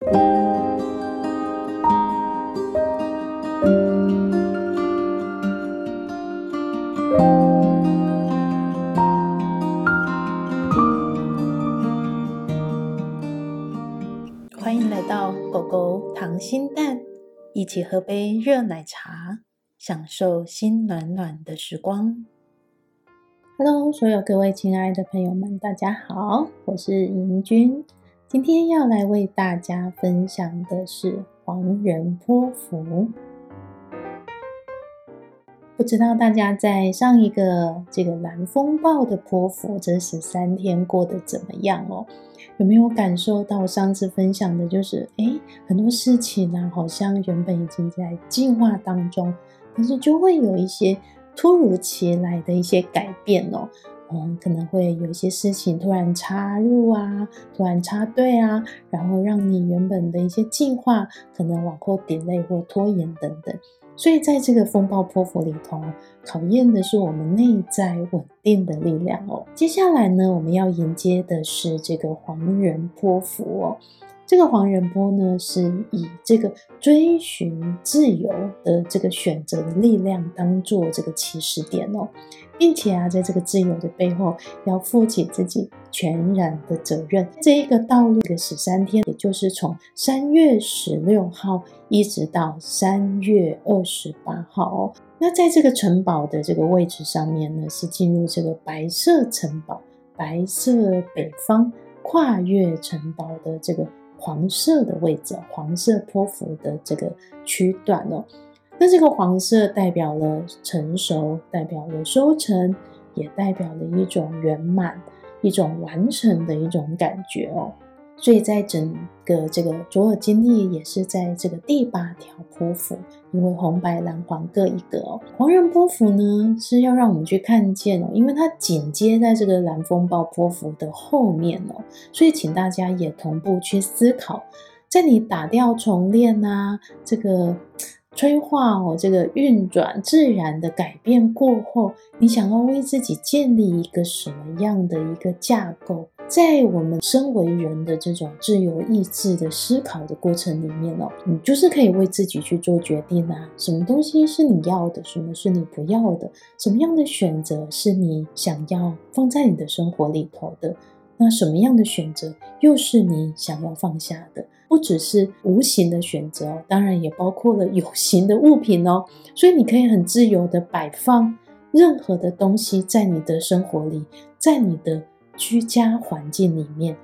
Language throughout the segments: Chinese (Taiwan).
歡迎來到狗狗糖心蛋，一起喝杯熱奶茶，享受心暖暖的時光。Hello，所有各位親愛的朋友們，大家好，我是盈君。今天要來為大家分享的是黃人波符。不知道大家在上一個這個藍風暴的波符這十三天過得怎麼樣哦、喔？有沒有感受到上次分享的就是誒、欸、很多事情呢、啊，好像原本已經在計劃當中，但是就會有一些突如其來的一些改變哦、喔。可能會有一些事情突然插入啊，突然插隊啊，然後讓你原本的一些計劃可能往後 delay 或拖延等等。所以在這個風暴波符裡頭，考驗的是我們內在穩定的力量哦。接下來呢，我們要迎接的是這個黃人波符哦。這個黃人波呢，是以這個追尋自由的這個選擇的力量當做這個起始點哦，並且啊，在這個自由的背後，要負起自己全然的責任。這一個道路的十三天，也就是從三月十六號一直到三月二十八號哦。那在這個城堡的這個位置上面呢，是進入這個白色城堡、白色北方跨越城堡的這個。黃色的位置，黃色波符的這個區段哦，那這個黃色代表了成熟，代表了收成，也代表了一種圓滿、一種完成的一種感覺哦。所以，在整個這個卓爾金曆，也是在這個第八條波符。因為紅、白、藍、黃各一個哦。黃人波符呢，是要讓我們去看見哦，因為它緊接在這個藍風暴波符的後面哦。所以，請大家也同步去思考，在你打掉重練啊，這個。催化哦，這個運轉自然的改變過後，你想要為自己建立一個什麼樣的一個架構？在我們身為人的這種自由意志的思考的過程裡面哦，你就是可以為自己去做決定啊。什麼東西是你要的，什麼是你不要的？什麼樣的選擇是你想要放在你的生活裡頭的？那什麼樣的選擇又是你想要放下的？不只是無形的選擇，當然也包括了有形的物品哦。所以你可以很自由的擺放任何的東西在你的生活裡，在你的居家環境裡面。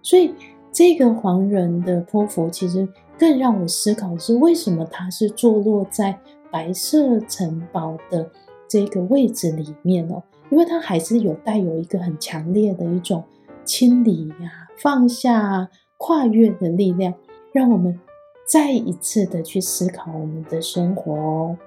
所以這個黃人的波符其實更讓我思考是為什麼它是坐落在白色城堡的這個位置裡面哦，因為它還是有帶有一個很強烈的一種清理呀、啊，放下、啊。跨越的力量，讓我們再一次的去思考我們的生活哦，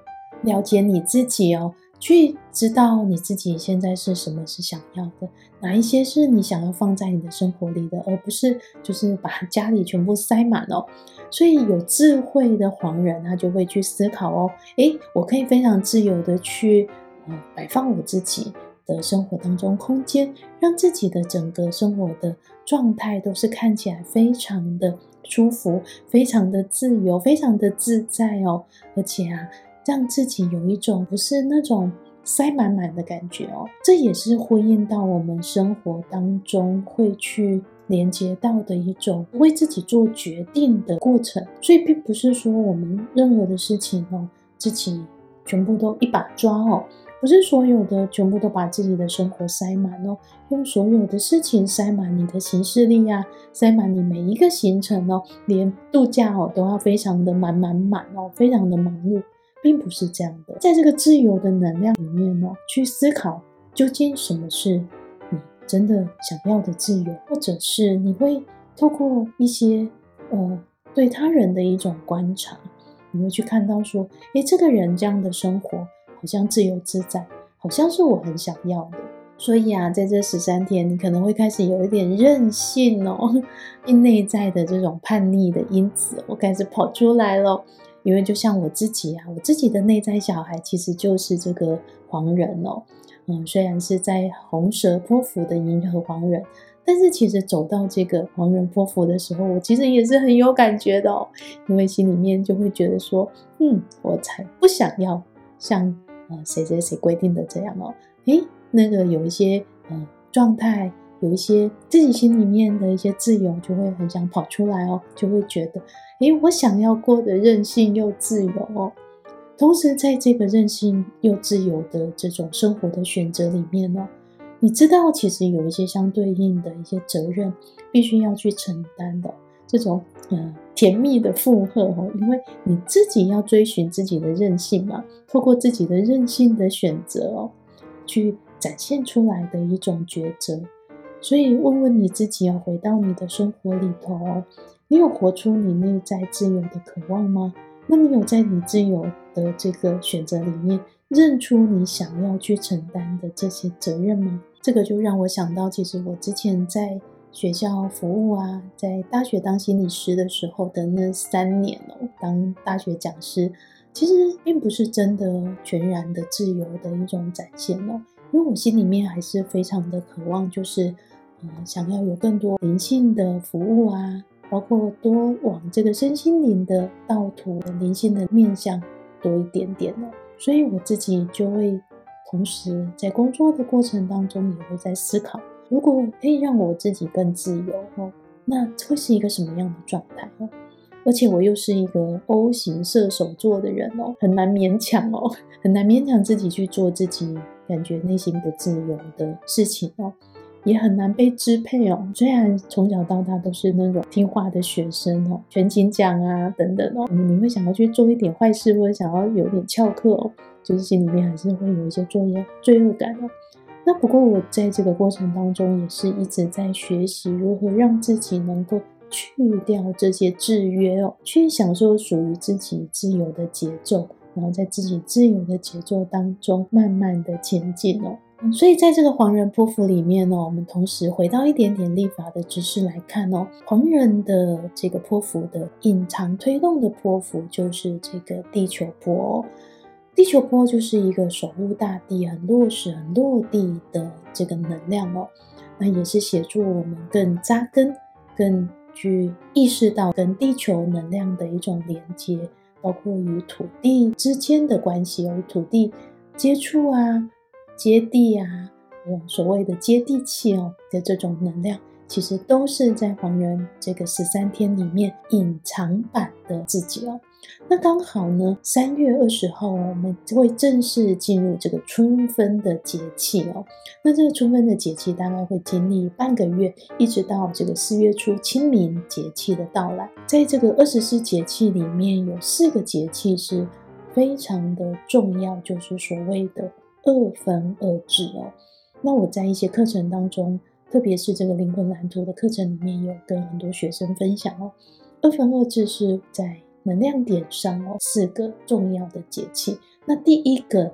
了解你自己哦，去知道你自己現在是什麼，是想要的，哪一些是你想要放在你的生活裡的，而不是就是把家裡全部塞滿哦。所以有智慧的黃人，他就會去思考哦，誒，我可以非常自由的去，呃，擺放我自己。的生活當中，空間，讓自己的整個生活的狀態都是看起來非常的舒服，非常的自由，非常的自在哦。而且啊，讓自己有一種不是那種塞滿滿的感覺哦。這也是呼應到我們生活當中會去連接到的一種為自己做決定的過程。所以，並不是說我們任何的事情哦，自己全部都一把抓哦。不是所有的全部都把自己的生活塞滿哦，用所有的事情塞滿你的行事曆呀、啊，塞滿你每一個行程哦，連度假哦都要非常的滿滿滿哦，非常的忙碌，並不是這樣的。在這個自由的能量裡面哦，去思考究竟什麼是你真的想要的自由，或者是你會透過一些呃、哦、對他人的一種觀察，你會去看到說，誒，這個人這樣的生活。好像自由自在，好像是我很想要的。所以啊，在這十三天，你可能會開始有一點任性哦，你內在的這種叛逆的因子，我開始跑出來了。因為就像我自己啊，我自己的內在小孩其實就是這個黃人哦。嗯，雖然是在紅蛇波符的銀河黃人，但是其實走到這個黃人波符的時候，我其實也是很有感覺的哦。因為心裡面就會覺得說，嗯，我才不想要像。呃，誰誰誰規定的這樣哦？誒，那個有一些呃狀態，有一些自己心裡面的一些自由，就會很想跑出來哦，就會覺得誒，我想要過得任性又自由哦。同時，在這個任性又自由的這種生活的選擇裡面呢，哦，你知道，其實有一些相對應的一些責任，必須要去承擔的。這種呃、嗯、甜蜜的負荷哦，因為你自己要追尋自己的任性嘛，透過自己的任性的選擇哦，去展現出來的一種抉擇。所以問問你自己、哦，要回到你的生活裡頭、哦、你有活出你內在自由的渴望嗎？那你有在你自由的這個選擇裡面，認出你想要去承擔的這些責任嗎？這個就讓我想到，其實我之前在。學校服務啊，在大學當心理師的時候的那三年哦，當大學講師，其實並不是真的全然的自由的一種展現哦。因為我心裡面還是非常的渴望，就是呃，想要有更多靈性的服務啊，包括多往這個身心靈的道途的靈性的面向多一點點哦。所以我自己就會同時在工作的過程當中，也會在思考。如果可以讓我自己更自由哦，那會是一個什麼樣的狀態？而且我又是一個 O 型射手座的人哦，很難勉強哦，很難勉強自己去做自己感覺內心不自由的事情哦，也很難被支配哦。雖然從小到大都是那種聽話的學生哦，全勤獎啊等等哦、嗯，你會想要去做一點壞事，或者想要有點翹課哦，就是心裡面還是會有一些罪惡感哦。那不過我在這個過程當中也是一直在學習如何讓自己能夠去掉這些制約哦，去享受屬於自己自由的節奏，然後在自己自由的節奏當中慢慢的前進哦。所以在這個黃人波符裡面哦，我們同時回到一點點曆法的知識來看哦，黃人的這個波符的隱藏推動的波符就是這個地球波哦。地球波就是一個守護大地、很落實、很落地的這個能量哦，那也是協助我們更扎根、更去意識到跟地球能量的一種連接，包括與土地之間的關係哦，土地接觸啊、接地啊，所謂的接地氣哦的這種能量，其實都是在還原這個十三天裡面隱藏版的自己哦。那剛好呢，三月二十號，我們會正式進入這個春分的節氣哦。那這個春分的節氣大概會經歷半個月，一直到這個四月初清明節氣的到來。在這個二十四節氣裡面，有四個節氣是非常的重要，就是所謂的二分二至哦。那我在一些課程當中，特別是這個靈魂藍圖的課程裡面，有跟很多學生分享哦。二分二至是在能量點上哦，四個重要的節氣。那第一個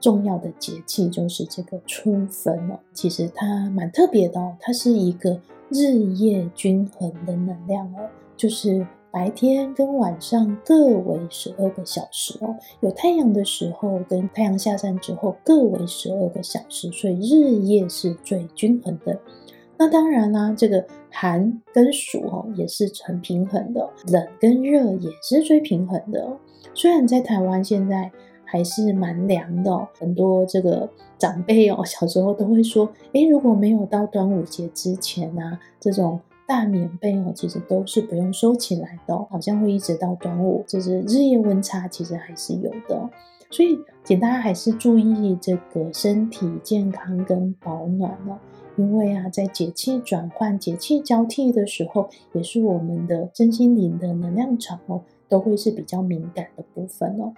重要的節氣就是這個春分哦。其實它蠻特別的哦，它是一個日夜均衡的能量哦，就是白天跟晚上各為十二個小時哦。有太陽的時候跟太陽下山之後各為十二個小時，所以日夜是最均衡的。那當然啦、啊，這個寒跟暑哦、喔、也是成平衡的，冷跟熱也是最平衡的。雖然在台灣現在還是蠻涼的、喔，很多這個長輩哦、喔、小時候都會說，哎、欸，如果沒有到端午節之前啊，這種大棉被哦、喔、其實都是不用收起來的、喔，好像會一直到端午。就是日夜溫差其實還是有的、喔，所以請大家還是注意這個身體健康跟保暖哦、喔。因為啊，在節氣轉換、節氣交替的時候，也是我們的身心靈的能量場哦，都會是比較敏感的部分哦。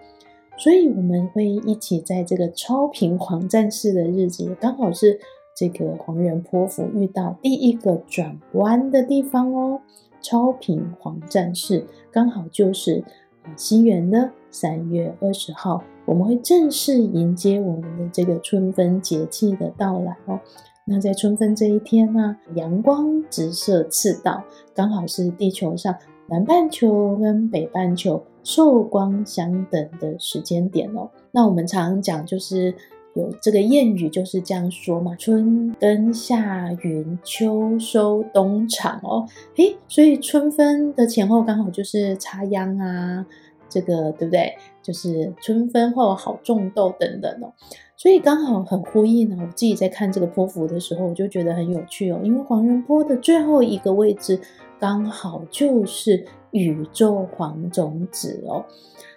所以我們會一起在這個超頻黃戰士的日子，也剛好是這個黃人波符遇到第一個轉彎的地方哦。超頻黃戰士剛好就是啊，西元呢，三月二十號，我們會正式迎接我們的這個春分節氣的到來哦。那在春分這一天呢、啊，陽光直射赤道，剛好是地球上南半球跟北半球受光相等的時間點哦、喔。那我們常講就是有這個諺語就是這樣說嘛，春耕夏耘秋收冬藏哦。哎、欸，所以春分的前後剛好就是插秧啊，這個對不對？就是春分後好種豆等等哦、喔。所以剛好很呼應呢。我自己在看這個波符的時候，我就覺得很有趣哦。因為黃人波的最後一個位置，剛好就是宇宙黃種子哦。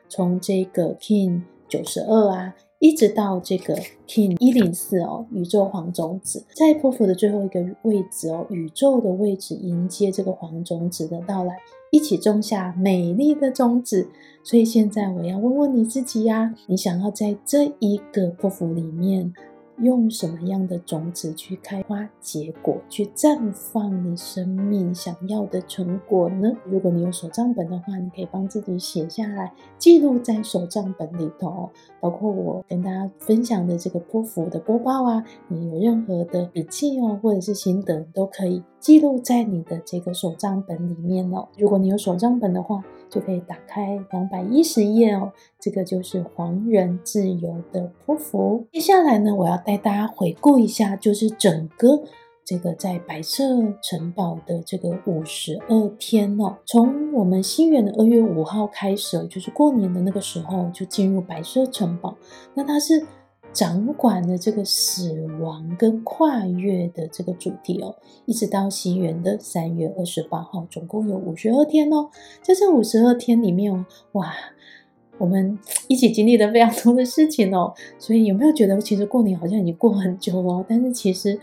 從這個 Kin 九十二啊，一直到這個 Kin 一零四哦，宇宙黃種子在波符的最後一個位置哦，宇宙的位置迎接這個黃種子的到來。一起種下美麗的種子，所以現在我要問問你自己呀、啊，你想要在這一個波符裡面用什麼樣的種子去開花結果，去綻放你生命想要的成果呢？如果你有手賬本的話，你可以幫自己寫下來，記錄在手賬本裡頭。包括我跟大家分享的這個波符的播報啊，你有任何的筆記哦、啊，或者是心得都可以。記錄在你的這個手賬本裡面哦。如果你有手賬本的話，就可以打開兩百一十頁哦。這個就是黃人自由的波符。接下來呢，我要帶大家回顧一下，就是整個這個在白色城堡的這個五十二天哦。從我們西元的二月五號開始，就是過年的那個時候就進入白色城堡，那它是，掌管的這個死亡跟跨越的這個主題哦，一直到西元的三月二十八號，總共有五十二天哦，在這五十二天裡面哦，哇。我們一起經歷了非常多的事情哦，所以有沒有覺得其實過年好像已經過很久哦？但是其實，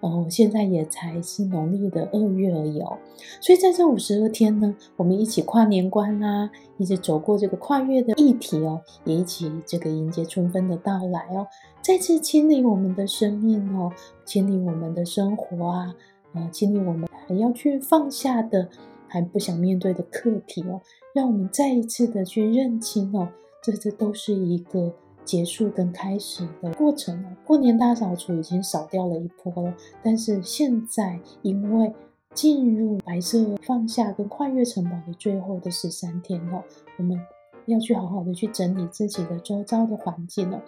呃，現在也才是農曆的二月而已哦。所以在這五十二天呢，我們一起跨年關啦、啊，一起走過這個跨越的議題哦，也一起這個迎接春分的到來哦，再次清理我們的生命哦，清理我們的生活啊，呃，清理我們還要去放下的。還不想面對的課題哦，讓我們再一次的去認清哦，這這都是一個結束跟開始的過程哦。過年大掃除已經掃掉了一波了，但是現在因為進入白色放下跟跨越城堡的最後的十三天哦，我們。要去好好的去整理自己的周遭的環境哦，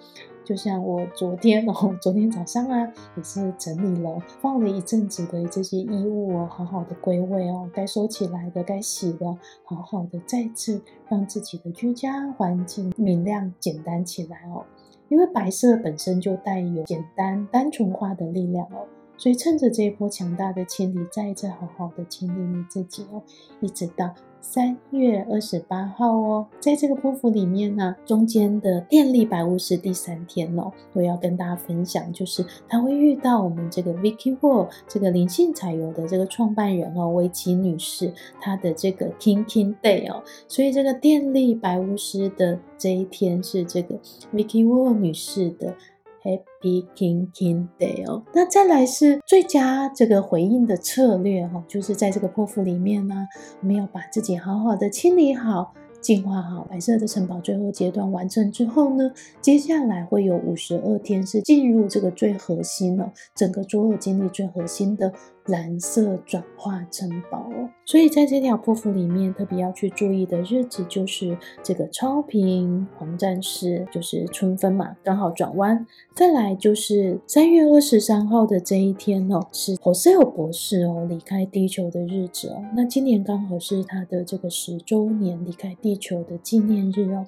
就像我昨天哦，昨天早上啊，也是整理了放了一陣子的這些衣物哦，好好的歸位哦，該收起來的，該洗的，好好的再次讓自己的居家環境明亮簡單起來哦。因為白色本身就帶有簡單單純化的力量哦，所以趁着這一波強大的清理，再一次好好的清理你自己哦，一直到三月二十八號哦，在這個波符裡面呢、啊，中間的電力白巫師第三天哦，我要跟大家分享，就是他會遇到我們這個 Vicky Wall 這個靈性彩油的這個創辦人哦，薇琪女士，她的這個 Kin Kin Day 哦，所以這個電力白巫師的這一天是這個 Vicky Wall 女士的。Happy King King Day 哦，那再來是最佳這個回應的策略哈、哦，就是在這個波符裡面呢、啊，我們要把自己好好的清理好、淨化好。白色的城堡最後階段完成之後呢，接下來會有五十二天是進入這個最核心了、哦，整個卓爾金曆最核心的。藍色轉化城堡哦，所以在這條波符裡面，特別要去注意的日子就是這個超頻黃戰士，就是春分嘛，剛好轉彎。再來就是三月二十三號的這一天哦，是霍斯爾博士哦離開地球的日子哦，那今年剛好是他的這個十周年離開地球的紀念日哦，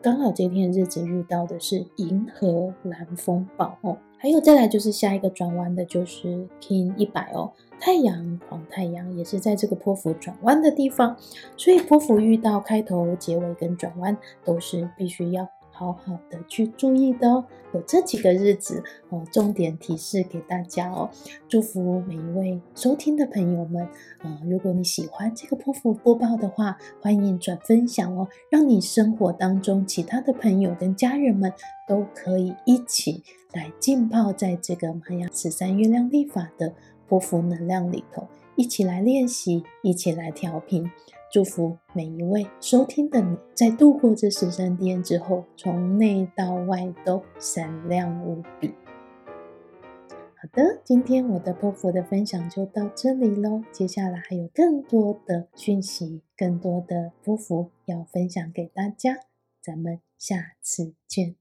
剛好這一天日子遇到的是銀河藍風暴哦。還有再來就是下一個轉彎的，就是 Kin 一百哦，太陽，黃、哦、太陽也是在這個波符轉彎的地方，所以波符遇到開頭、結尾跟轉彎都是必須要。好好的去注意的哦，有這幾個日子哦，重點提示給大家哦。祝福每一位收聽的朋友們啊，如果你喜歡這個波符播報的話，歡迎轉分享哦，讓你生活當中其他的朋友跟家人們都可以一起來浸泡在這個瑪雅十三月亮曆法的波符能量裡頭，一起來練習，一起來調頻。祝福每一位收聽的你，在度過這十三天之後，從內到外都閃亮無比。好的，今天我的波符的分享就到這裡嘍，接下來還有更多的訊息，更多的波符要分享給大家，咱們下次見。